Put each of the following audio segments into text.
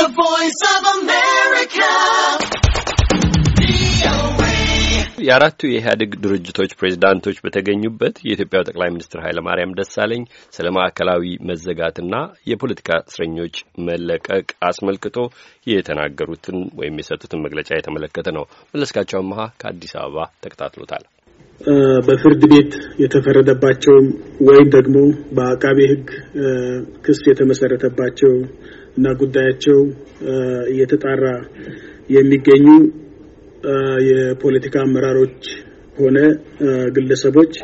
The Voice of America. የአራቱ የኢህአዴግ ድርጅቶች ፕሬዝዳንቶች በተገኙበት የኢትዮጵያው ጠቅላይ ሚኒስትር ኃይለማርያም ደሳለኝ ስለ ማዕከላዊ መዘጋትና የፖለቲካ እስረኞች መለቀቅ አስመልክቶ የተናገሩትን ወይም የሰጡትን መግለጫ የተመለከተ ነው። መለስካቸው አመሀ ከአዲስ አበባ ተከታትሎታል። በፍርድ ቤት የተፈረደባቸው ወይም ደግሞ በአቃቤ ሕግ ክስ የተመሰረተባቸው እና ጉዳያቸው እየተጣራ የሚገኙ የፖለቲካ አመራሮች ሆነ ግለሰቦች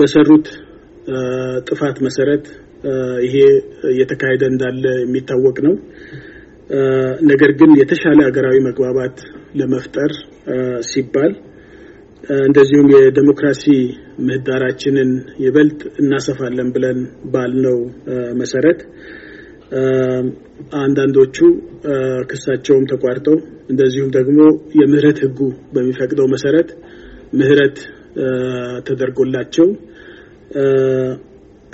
በሰሩት ጥፋት መሰረት ይሄ እየተካሄደ እንዳለ የሚታወቅ ነው። ነገር ግን የተሻለ ሀገራዊ መግባባት ለመፍጠር ሲባል እንደዚሁም የዴሞክራሲ ምህዳራችንን ይበልጥ እናሰፋለን ብለን ባልነው መሰረት አንዳንዶቹ ክሳቸውም ተቋርጠው እንደዚሁም ደግሞ የምህረት ህጉ በሚፈቅደው መሰረት ምህረት ተደርጎላቸው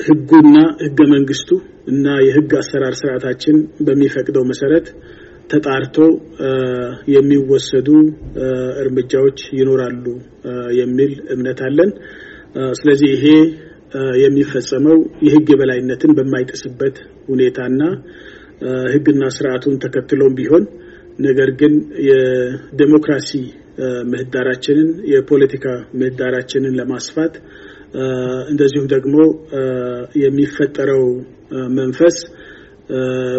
ህጉና ህገ መንግስቱ እና የህግ አሰራር ስርዓታችን በሚፈቅደው መሰረት ተጣርቶ የሚወሰዱ እርምጃዎች ይኖራሉ የሚል እምነት አለን። ስለዚህ ይሄ የሚፈጸመው የህግ የበላይነትን በማይጥስበት ሁኔታና ህግና ስርዓቱን ተከትሎም ቢሆን ነገር ግን የዴሞክራሲ ምህዳራችንን የፖለቲካ ምህዳራችንን ለማስፋት እንደዚሁም ደግሞ የሚፈጠረው መንፈስ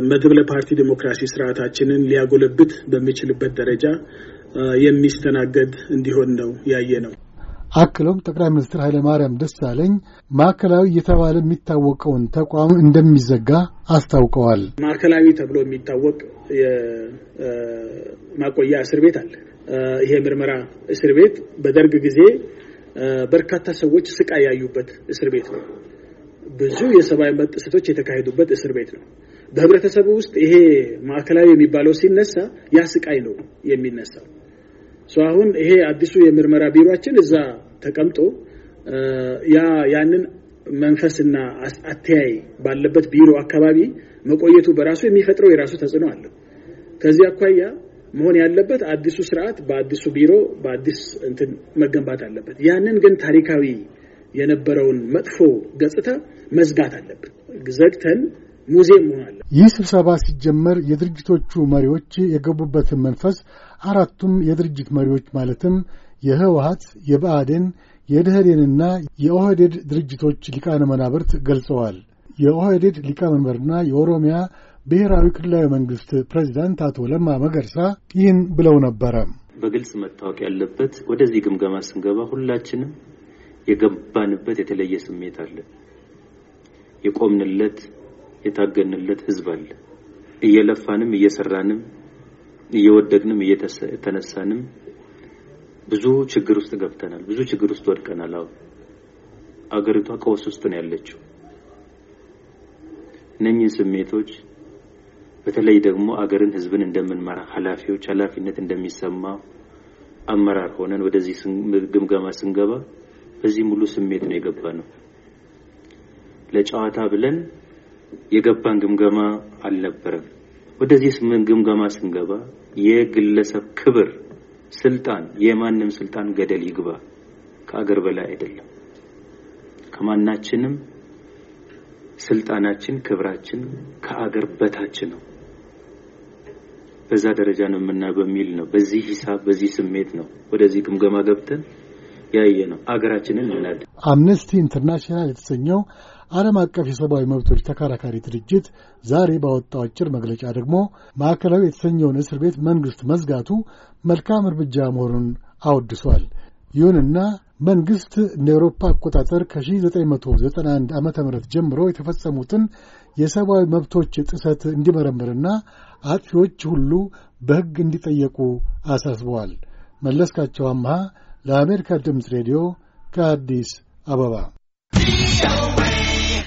መድብለ ፓርቲ ዲሞክራሲ ስርዓታችንን ሊያጎለብት በሚችልበት ደረጃ የሚስተናገድ እንዲሆን ነው ያየ ነው። አክሎም ጠቅላይ ሚኒስትር ኃይለማርያም ደሳለኝ ማዕከላዊ እየተባለ የሚታወቀውን ተቋም እንደሚዘጋ አስታውቀዋል። ማዕከላዊ ተብሎ የሚታወቅ የማቆያ እስር ቤት አለ። ይሄ ምርመራ እስር ቤት በደርግ ጊዜ በርካታ ሰዎች ስቃይ ያዩበት እስር ቤት ነው። ብዙ የሰብአዊ መብት ጥሰቶች የተካሄዱበት እስር ቤት ነው። በህብረተሰቡ ውስጥ ይሄ ማዕከላዊ የሚባለው ሲነሳ ያ ስቃይ ነው የሚነሳው። አሁን ይሄ አዲሱ የምርመራ ቢሮችን እዛ ተቀምጦ ያ ያንን መንፈስና አተያይ ባለበት ቢሮ አካባቢ መቆየቱ በራሱ የሚፈጥረው የራሱ ተጽዕኖ አለ። ከዚህ አኳያ መሆን ያለበት አዲሱ ስርዓት በአዲሱ ቢሮ በአዲስ እንትን መገንባት አለበት። ያንን ግን ታሪካዊ የነበረውን መጥፎ ገጽታ መዝጋት አለብን። ዘግተን ሙዚየም መሆናለ። ይህ ስብሰባ ሲጀመር የድርጅቶቹ መሪዎች የገቡበትን መንፈስ አራቱም የድርጅት መሪዎች ማለትም የህወሀት፣ የብአዴን፣ የደህዴንና የኦህዴድ ድርጅቶች ሊቃነ መናብርት ገልጸዋል። የኦህዴድ ሊቀመንበርና የኦሮሚያ ብሔራዊ ክልላዊ መንግስት ፕሬዚዳንት አቶ ለማ መገርሳ ይህን ብለው ነበረ። በግልጽ መታወቅ ያለበት ወደዚህ ግምገማ ስንገባ ሁላችንም የገባንበት የተለየ ስሜት አለ። የቆምንለት የታገንለት ህዝብ አለ። እየለፋንም እየሰራንም እየወደቅንም እየተነሳንም ብዙ ችግር ውስጥ ገብተናል። ብዙ ችግር ውስጥ ወድቀናል። አሁን አገሪቷ ቀውስ ውስጥ ነው ያለችው። እነኚህን ስሜቶች በተለይ ደግሞ አገርን ህዝብን እንደምንመራ ኃላፊዎች ኃላፊነት እንደሚሰማ አመራር ሆነን ወደዚህ ግምገማ ስንገባ በዚህ ሙሉ ስሜት ነው የገባ ነው ለጨዋታ ብለን የገባን ግምገማ አልነበረም። ወደዚህ ግምገማ ስንገባ የግለሰብ ክብር፣ ስልጣን፣ የማንም ስልጣን ገደል ይግባ ከአገር በላይ አይደለም። ከማናችንም ስልጣናችን፣ ክብራችን ከአገር በታች ነው። በዛ ደረጃ ነው የምናየው በሚል ነው በዚህ ሂሳብ በዚህ ስሜት ነው ወደዚህ ግምገማ ገብተን ያየ ነው አገራችንን አምነስቲ ኢንተርናሽናል የተሰኘው ዓለም አቀፍ የሰብአዊ መብቶች ተከራካሪ ድርጅት ዛሬ ባወጣው አጭር መግለጫ ደግሞ ማዕከላዊ የተሰኘውን እስር ቤት መንግሥት መዝጋቱ መልካም እርምጃ መሆኑን አወድሷል። ይሁንና መንግሥት እንደ ኤውሮፓ አቆጣጠር ከ1991 ዓ ም ጀምሮ የተፈጸሙትን የሰብአዊ መብቶች ጥሰት እንዲመረምርና አጥፊዎች ሁሉ በሕግ እንዲጠየቁ አሳስበዋል። መለስካቸው አምሃ ለአሜሪካ ድምፅ ሬዲዮ ከአዲስ አበባ